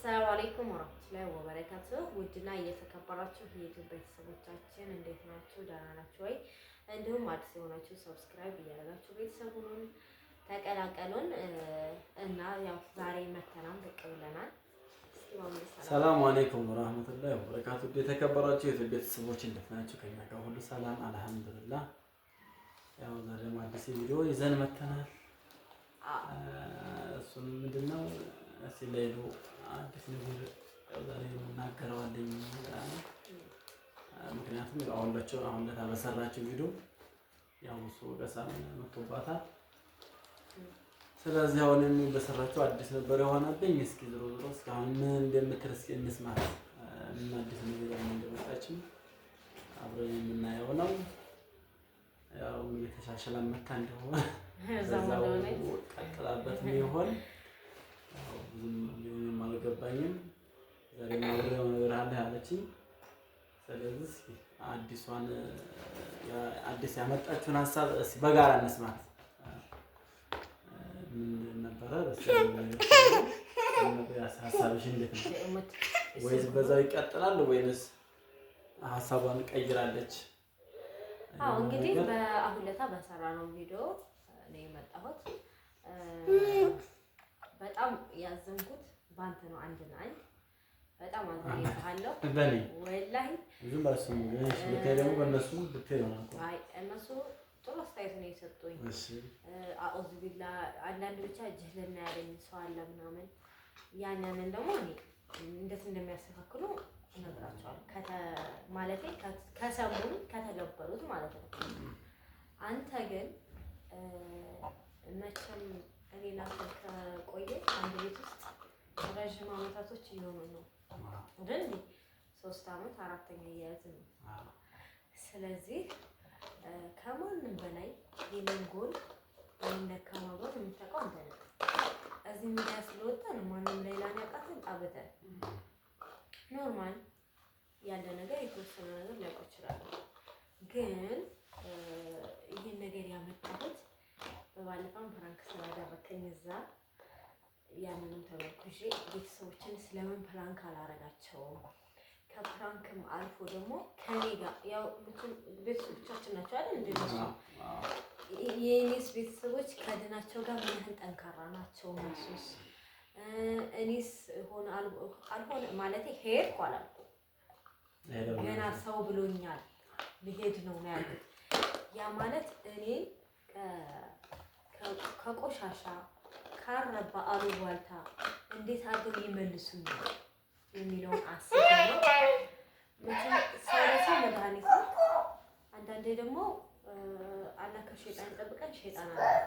አሰላሙ አለይኩም ወራህመቱላሂ ወበረካቱህ። ውድና እየተከበራችሁ የዩቲዩብ ቤተሰቦቻችን እንዴት ናችሁ? ደህና ናችሁ ወይ? እንዲሁም አዲስ የሆናችሁ ሰብስክራይብ እያደረጋችሁ ቤተሰቡን ተቀላቀሉን እና ያው ዛሬ መተናን ብቅ ብለናል። ሰላሙ አለይኩም ወራህመቱላሂ ወበረካቱህ። የተከበራችሁ የዩቲዩብ ቤተሰቦች እንዴት ናችሁ? ከኛ ጋር ሁሉ ሰላም አልሐምዱሊላህ። ያው ዛሬም አዲስ ቪዲዮ ይዘን መተናል። እሱም ምንድን እስኪ ሌሉ አዲስ ነገር ዛሬ የምናገረዋለኝ። ምክንያቱም አሁንላቸው አሁን ለታ በሰራችው ቪዲዮ ያው እሱ ገሳም መጥቶባታል። ስለዚህ አሁን በሰራችው አዲስ ነበር የሆነብኝ። እስኪ ዝሮ ዝሮ እስካሁን ምን እንደምትል እስኪ እንስማት። ምን አዲስ ነገር እንደመጣችም አብረን የምናየው ነው። ያው እንግዲህ መታ እንደሆነ እዛው ቀጥላበት ነው ይሆን ብዙም ቢሆንም አልገባኝም። ዛሬ ማብሪያው ነገር አለ ያለችኝ። ስለዚህ አዲሷን አዲስ ያመጣችውን ሀሳብ በጋራ እንስማት። ምን ነበረ ሀሳብሽ? እንዴት ነው? ወይስ በዛው ይቀጥላል ወይንስ ሀሳቧን ቀይራለች? አዎ እንግዲህ በአሁለታ በሰራ ነው ቪዲዮ ነው የመጣሁት በጣም ያዘንኩት ባንተ ነው። አንድ ነው አንድ በጣም አዘንኩሃለሁ። ወላሂ ዝም ባሱ ደግሞ በእነሱ ብታይ ነው። አይ እነሱ ጥሩ አስተያየት ነው የሰጡኝ። እሺ አኡዝ ቢላ አንዳንድ ብቻ ጅህልና ያለኝ ሰው አለ ምናምን ያንን ደግሞ እኔ እንዴት እንደሚያስተካክሉ እነግራቸዋለሁ። ከተ ማለቴ ከሰሙን ከተገበሩት ማለት ነው። አንተ ግን መቼም እኔ ላንተ ከቆየ አንድ ቤት ውስጥ ረዥም አመታቶች እየሆኑ ነው አይደል? ሶስት አመት አራተኛ እያያዝን ነው። ስለዚህ ከማንም በላይ የኔን ጎል የሚነካ ማውራት የምታውቀው አንተ ነህ። እዚህ ሚዲያ ነው ማንም ሌላ ያውቃትን ጣበጠን ኖርማል ያለ ነገር የተወሰነ ነገር ሊያውቅ ይችላል። ግን ይህን ነገር ያመጣሁት በባለፈው ፕራንክ ስላደረከኝ እዛ ያንንም ተመርኩዤ ቤተሰቦችን ስለምን ፕራንክ አላረጋቸውም ከፕራንክም አልፎ ደግሞ ከኔ ጋር ያው ቤተሰቦቻችን ናቸው አይደል? እንደነሱ የኔስ ቤተሰቦች ከድናቸው ጋር ምን ያህል ጠንካራ ናቸው? መሱስ እኔስ ሆነ አልሆነ ማለት ሄድ አላልኩ ገና ሰው ብሎኛል ብሄድ ነው ያሉት። ያ ማለት እኔ ከቆሻሻ ካረባ አሉባልታ እንዴት አድርገው ይመልሱ የሚለውን አስብ ሰረሰ መድኃኒት ነው። አንዳንዴ ደግሞ አላህ ከሸይጣን ይጠብቀን። ሸይጣን አለ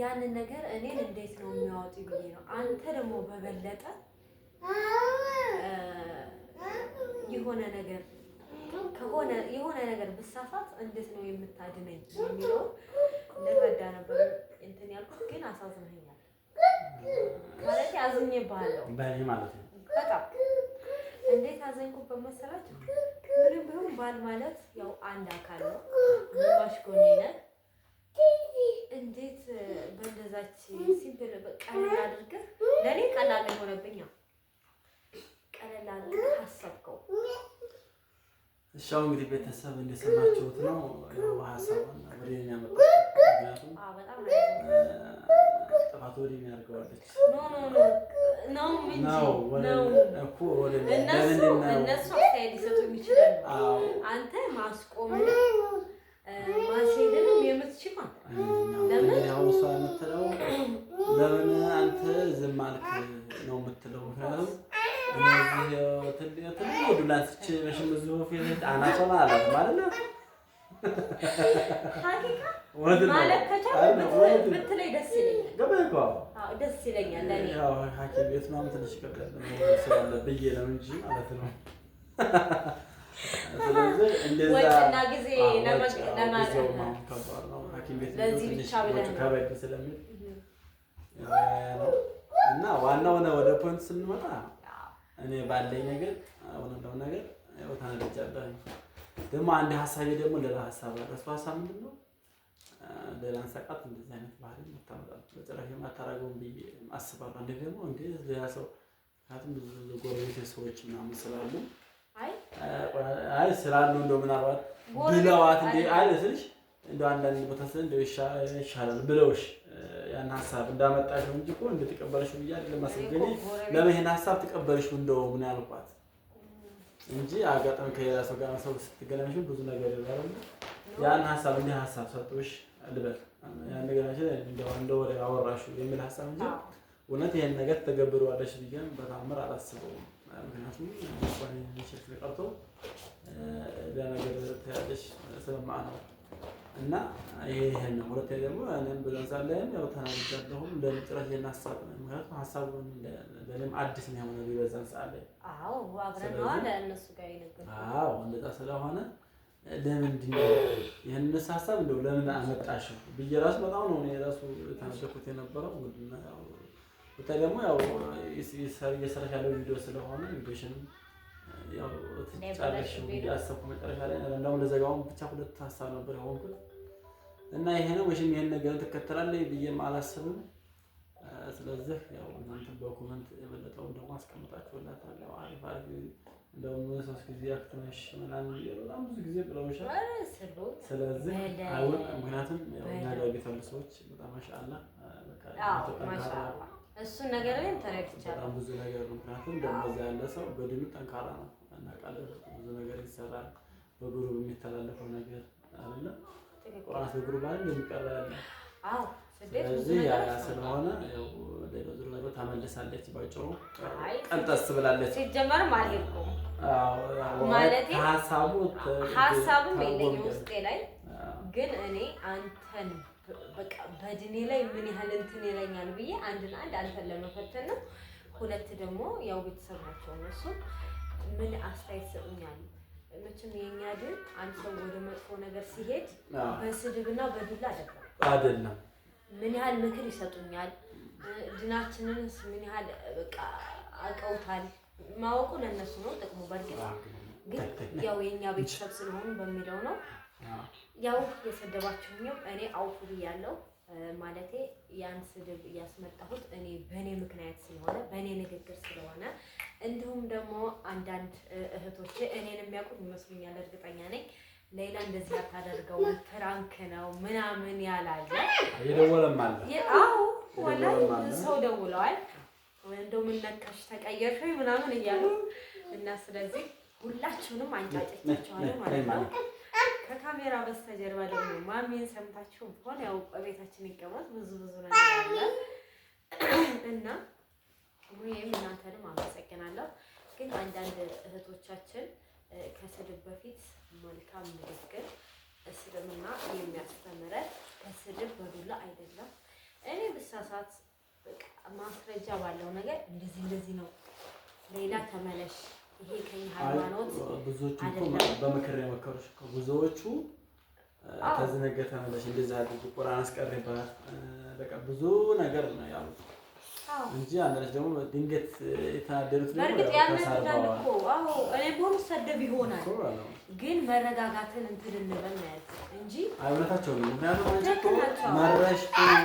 ያንን ነገር እኔን እንዴት ነው የሚያወጡ ብዬ ነው። አንተ ደግሞ በበለጠ የሆነ ነገር ከሆነ የሆነ ነገር ብሳሳት እንዴት ነው የምታድነኝ የሚለው ልረዳ ነበር እንትን ያልኩት። ግን አሳዝነኛል ማለት አዝኜብሃለሁ ማለት ነው። በጣም እንዴት አዘንኩበት መሰላችሁ? ምንም ቢሆን ባል ማለት ያው አንድ አካል ነው። ግማሽ ጎን ነን። እንዴት በእንደዛች ሲምፕል ቀላል አድርገህ ለእኔ ቀላል የሆነብኝ ሻው እንግዲህ ቤተሰብ እንደሰማችሁት ነው። ሀሳቧን ወደ እኔ ያመጣችው ምክንያቱም ነው ማስቆም ለምን አንተ ዝም ናቸው ማለት ነው ደስ ይለኛል ቤት ምናምን ትንሽ እና ዋናው ወደ ፖይንት ስንመጣ እኔ ባለኝ ነገር ነገር ታነጫለህ። ደግሞ አንድ ሀሳቤ ደግሞ ሌላ ሀሳብ አለ። ሀሳብ ምንድን ነው? ሌላን ሰቃት እንደዚህ አይነት ባህል የምታመጣው በጭራሽ የማታረገውን ብዬ አስባለሁ። እንደ ደግሞ እንደ ሌላ ሰው ምክንያቱም ብዙ ጎረቤት ሰዎች ምናምን ስላሉ አይ ስላሉ እንደው ምናልባት ብለዋት እንደ አይ ስልሽ እንደው አንዳንድ ቦታ ስለ እንደው ይሻላል ብለውሽ ያን ሀሳብ እንዳመጣሽው እንጂ እኮ እንደተቀበለሽው ብዬሽ አይደለም። አስገኘኝ ለምን ይሄን ሀሳብ ተቀበልሽው እንደው ምን ያልኳት እንጂ አጋጣሚ ከሌላ ሰው ጋር ሰው ስትገናኝ ብዙ ነገር ይላሉ። ያን ሀሳብ እንደ ሀሳብ ሰጥቶሽ ልበል ያን ነገር እንደ ወሬ አወራሹ የሚል ሀሳብ እንጂ እውነት ይሄን ነገር አለሽ ብዬ በታምር አላስበውም። ምክንያቱም እንኳን የሚችል ቀርቶ ለነገር ተያለሽ ስለማአ ነው እና ይሄ ይሄን ነው። ሁለተኛ ደግሞ እኔም በዛን ሰዓት ላይም ያው ተናግቻለሁም ለጥረት የናሳብ ነው። ምክንያቱም ሀሳቡ ለእኔም አዲስ ነው የሆነ በዛን ሰዓት ላይ አዎ፣ አብረን ነው ጋር እንደዛ ስለሆነ ለምንድን ነው ሀሳብ እንደው ለምን አመጣሽው ብዬ ራሱ በጣም ነው የራሱ ራሱ የነበረው እንግዲህ ደግሞ ያው እየሰራሽ ያለው ቪዲዮ ስለሆነ ቪዲዮሽንም ትጫለሽ እንግዲህ አሰብኩ። መጨረሻ ላይ እንዳሁም ለዘጋውን ብቻ ሁለት ሀሳብ ነበር የሆንኩት እና ይሄ ነው ወይም ይህን ነገርን ትከተላለህ ብዬም አላስብም። ስለዚህ ያው እናንተ በኮመንት የበለጠውን ደግሞ አስቀምጣችሁላታል። አሪፍ አሪፍ እንደውም ሶስት ጊዜ ያክትመሽ ምናምን በጣም ብዙ ጊዜ ብለውሻል። ስለዚህ አሁን ምክንያቱም ያው ያደረገ ሰዎች በጣም ማሻአላ በቃ እሱን ነገር ላይ ተረድቻለሁ። በጣም ብዙ ነገር ምክንያቱም ደሞዝ ያለ ሰው በድሉ ጠንካራ ነው እናቃለን ብዙ ነገር ይሰራል። በግሩብ የሚተላለፈው ነገር አለ ቁርአን በግሩብ አይደል የሚቀር ያለ ስለዚህ ያ ስለሆነ ሌሎ ዙር ነገር ታመለሳለች። ባጭሩ ቀልጠስ ብላለች። ሲጀመርም አልሄድኩም ማለቴ ሀሳቡ ሀሳቡም የለኝም ውስጤ ላይ ግን እኔ አንተን በቃ በድኔ ላይ ምን ያህል እንትን ይለኛል ብዬ አንድን አንድ አንተን ለመፈተን ነው። ሁለት ደግሞ ያው ቤተሰብ ናቸው እነሱ ምን አስተያየት ይሰጡኛል። መቼም የኛ ድን አንድ ሰው ወደ መጥፎ ነገር ሲሄድ በስድብና በዱላ አይደለም አይደለም። ምን ያህል ምክር ይሰጡኛል። ድናችንንስ ምን ያህል በቃ አውቀውታል። ማወቁ ለእነሱ ነው ጥቅሙ። በእርግጥ ግን ያው የእኛ ቤተሰብ ስለሆኑ በሚለው ነው ያው የሰደባችሁኝም እኔ አውፉ ብያለሁ። ማለቴ ያን ስድብ እያስመጣሁት እኔ በእኔ ምክንያት ስለሆነ በእኔ ንግግር ስለሆነ እንዲሁም ደግሞ አንዳንድ እህቶች እኔን የሚያውቁት ይመስሉኛል፣ እርግጠኛ ነኝ። ሌላ እንደዚህ አታደርገው ፕራንክ ነው ምናምን ያላለ የደወለም አለ። አዎ ሰው ደውለዋል። እንደው ምን ነካሽ ተቀየርሽ ምናምን እያሉ እና ስለዚህ ሁላችሁንም አንጫጨቻችኋለሁ ማለት ነው። ከካሜራ በስተጀርባ ደግሞ ማሚን ሰምታችሁ ሆነ ያው በቤታችን ይቀመጥ ብዙ ብዙ ነገር አለ እና ወይም እናንተንም አመሰግናለሁ። ግን አንዳንድ እህቶቻችን ከስድብ በፊት መልካም ንግግር እስልምና የሚያስተምረ ከስድብ በዱላ አይደለም። እኔ ብሳሳት ማስረጃ ባለው ነገር እንደዚህ እንደዚህ ነው ሌላ ተመለሽ ይሄ ከኛ ሃይማኖት ብዙዎቹ በምክር የመከሩሽ እኮ ብዙዎቹ ከዚህ ነገር ተመለሽ፣ እንደዛ ቁርአን አስቀሪባት፣ በቃ ብዙ ነገር ነው ያሉት እንጂ አንዳንድ ደግሞ ድንገት የተናደዱት በእርግጥ ያመዳል እኮ ሰደብ ይሆናል፣ ግን መረጋጋትን እንትን እንበል እንጂ እውነታቸው ነው። ምክንያቱም አንቺ እኮ መረሽ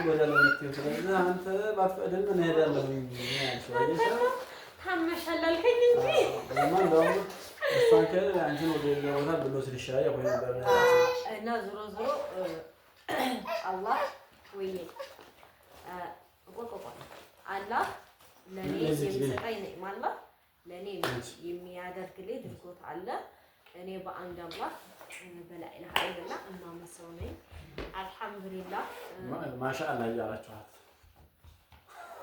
ወደ ለምት ስለዚህ አንተ ባትፈቅድም እንሄዳለን ያልሽ ታመሻል አልከኝ እንጂ እና ዞሮ ዞሮ አላህ ወይ አላህ ለኔ የሚሰጠኝ ነው አላህ ለኔ የሚያደርግልኝ ድርጎት አለ። እኔ በአንድ አላህ በላይ ኢላሃ እማመሰው ነኝ። አልሐምዱሊላህ ማሻአላህ እያላችኋት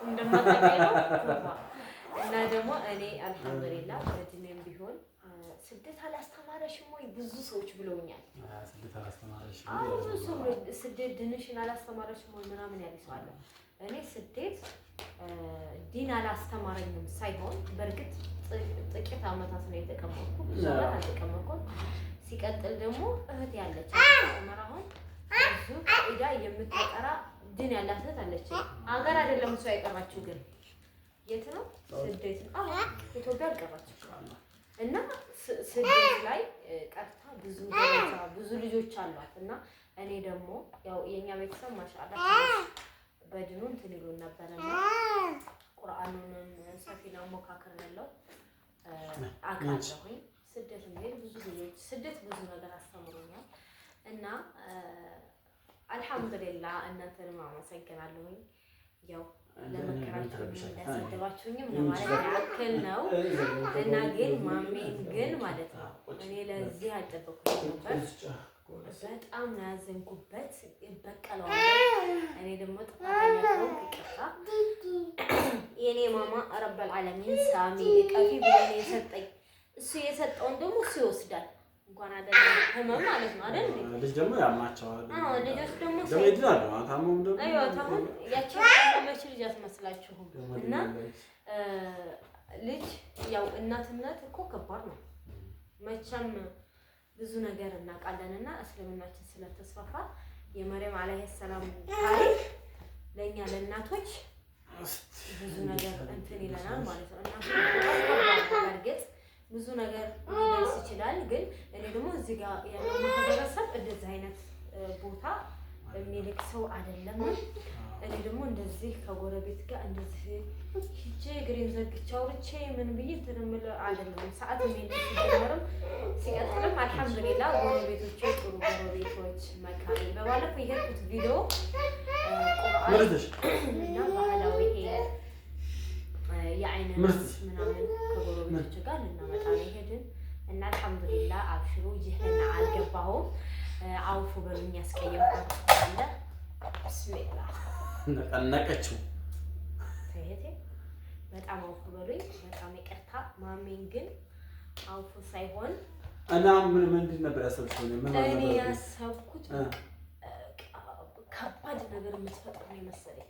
እንደማጠቀለው እኔ አልሐምዱሊላ በእድሜም ቢሆን ስደት አላስተማረሽም ወይ ብዙ ሰዎች ብለውኛል። ብዙ ሰዎች ስደት ድንሽን አላስተማረሽም ወይ ምናምን ያለ ሰው አለ። እኔ ስደት ዲን አላስተማረኝም ሳይሆን በእርግጥ ጥቂት አመታት ነው የተቀመጥኩ፣ ብዙ ዓመት አልተቀመጥኩም። ሲቀጥል ደግሞ እህት ያለች መር ብዙ ዳ የምትጠራ ድን ያላት እህት አለች። አገር አይደለም እሷ የቀራችው ግን የት ነው ስደት ነው ኢትዮጵያ አልቀረችም እና ስደት ላይ ቀርታ ብዙ ብዙ ልጆች አሏት እና እኔ ደግሞ ያው የኛ ቤተሰብ ማሻአላ በድኑ እንትን ይሉ ነበረ እና ቁርአኑንም ሰፊና ሞካከር ያለው አውቃለሁኝ። ስደት እንግዲህ ብዙ ልጆች ስደት ብዙ ነገር አስተምሮኛል እና አልሐምዱሊላህ እናንተንም አመሰግናለሁኝ ያው ለመከራችሁም ለሰደባችሁኝም ለማለት ያክል ነው እና ግን ማሜን ግን ማለት ነው እኔ ለዚህ ነበር። በጣም ነው ያዘንኩበት። ይበቀለዋል። እኔ ደግሞ የእኔ ማማ ረበል ዓለሚን ሳሚ ቀፊ የሰጠኝ እሱ የሰጠውን ደግሞ እሱ ይወስዳል። እንኳን አይደለም ህመም ማለት ነው አይደል? ልጅ ደግሞ ያማቸዋል። አዎ ልጆች ደግሞ ደግሞ ይድናሉ። አታሙም ደግሞ አይ አታሙም ያቺው መቼ ልጅ አትመስላችሁም። እና ልጅ ያው እናትነት እኮ ከባድ ነው። መቼም ብዙ ነገር እናውቃለን። እና እስልምናችን ስለተስፋፋ የመርያም አለይሂ ሰላም ለእኛ ለእናቶች ብዙ ነገር እንትን ይለናል ማለት ነው። እናቶች በእርግጥ ብዙ ነገር ሊደርስ ይችላል። ግን እኔ ደግሞ እዚህ ጋር ያለው ማህበረሰብ እንደዚህ አይነት ቦታ የሚልቅ ሰው አይደለም። እኔ ደግሞ እንደዚህ ከጎረቤት ጋር እንደዚህ ሂጄ እግሬን ዘርግቼ አውርቼ ምን ብዬ እንትን አይደለም። ሰዓት የሚልቅ ሲቀጥልም አልሐምዱሊላ ጎረቤቶች ጥሩ ጎረቤቶች መካሪ በባለፈው የሄድኩት ቪዲዮ ባህላዊ ይሄ የአይን ምርት ምናምን ከጎረቤቶች ጋር ልናመጣ ሄድን እና አልሐምዱሊላ አብሽሩ ይህን አልገባሁም አውፉ በሉኝ ያስቀየምኳችሁ ብስሚላ ነቀነቀችው እህቴ በጣም አውፉ በሉኝ በጣም ይቅርታ ማሜን ግን አውፉ ሳይሆን እና ምን ምንድን ነበር ያሰብሽው? እኔ ያሰብኩት ከባድ ነገር የምትፈጥሩ ነው የመሰለኝ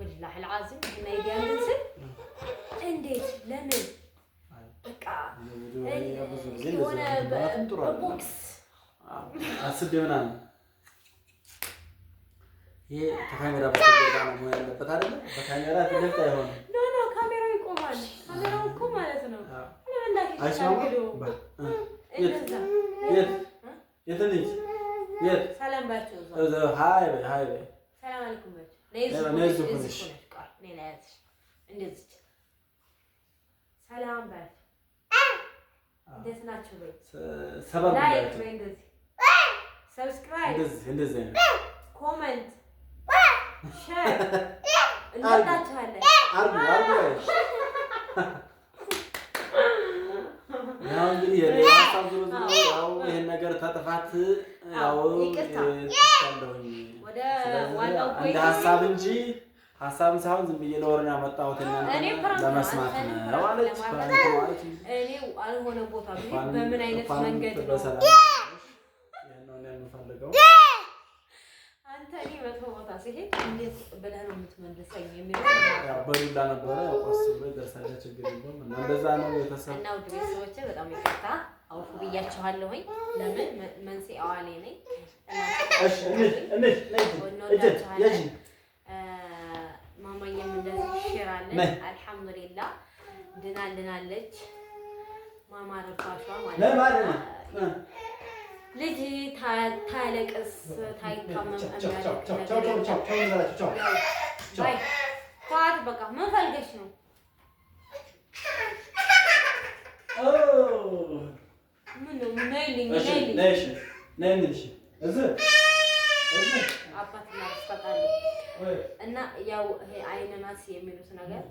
ወላሂ አልዓዚም ሄና እንዴት ለምን በቃ የሆነ በቦክስ አስቤ ምናምን ይሄ ከካሜራ መሆን ያለበት አይደለ? በካሜራ ትደፍጥ አይሆንም። ኖ ኖ ካሜራው ይቆማል። ካሜራው እኮ ማለት ነው ሰላም ሰላም በል። እንዴት ናችሁ? ላይክ ወይ እንደዚህ ሰብስክራይብ፣ ኮመንት፣ ሼር እንላችኋለን። ይህን ነገር ተጥፋት እንደ ሀሳብ እንጂ ሀሳብን ሳይሆን ዝም ብዬ ለወረን ያመጣሁት ለመስማት ነው እኔ አልሆነ ቦታ በምን አይነት መንገድ ነው አንተ እኔ መጥፎ ቦታ ሲሄድ እንዴት ብለህ ነው የምትመልሰኝ? በዱላ ነበረ ደርሳለች። ችግር የለም እና እንደዛ ነው ቤተሰብ እና ውድ ቤተሰቦቼ በጣም ይቅርታ አውፉ ብያችኋለሁኝ። ለምን መንስኤ አዋሌ ነኝ። ማማዬም እንደዚህ ሽራለን። አልሐምዱሊላ ድናልናለች። ማማ ረባሿ ማለት ነው ልጅ ታለቅስ ታይታመም በቃ ምን ፈልገሽ ነው? እና ያው ይሄ አይነናስ የሚሉት ነገር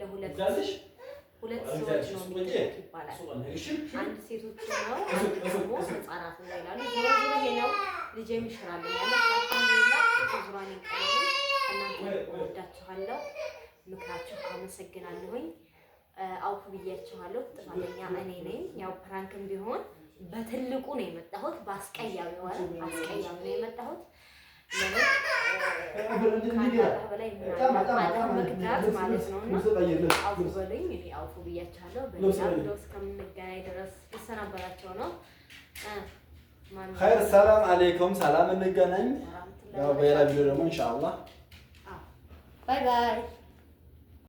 ለሁለት ሁለት ሰዎች ነው የሚጠይቅ ይባላል። አንድ ሴቶች ነው፣ አንድ ደግሞ ህጻናት ነው ይላሉ። ዞሮ ዞሮ ይሄ ነው ልጄ ይሽራል ያለዙራን ቀሉ እናንተ ወዳችኋለሁ፣ ምክራችሁ አመሰግናለሁኝ። አውፍ ብያችኋለሁ። ጥፋተኛ እኔ ነኝ። ያው ፕራንክም ቢሆን በትልቁ ነው የመጣሁት። በአስቀያሚ ዋል አስቀያሚ ነው የመጣሁት። መግዳት ማለት ነው። ድረስ ልሰናበታቸው ነው። ኸይር ሰላም አለይኩም፣ ሰላም እንገናኝ። በሌላ ቪዲዮ ደግሞ ኢንሻላህ ባይ ባይ።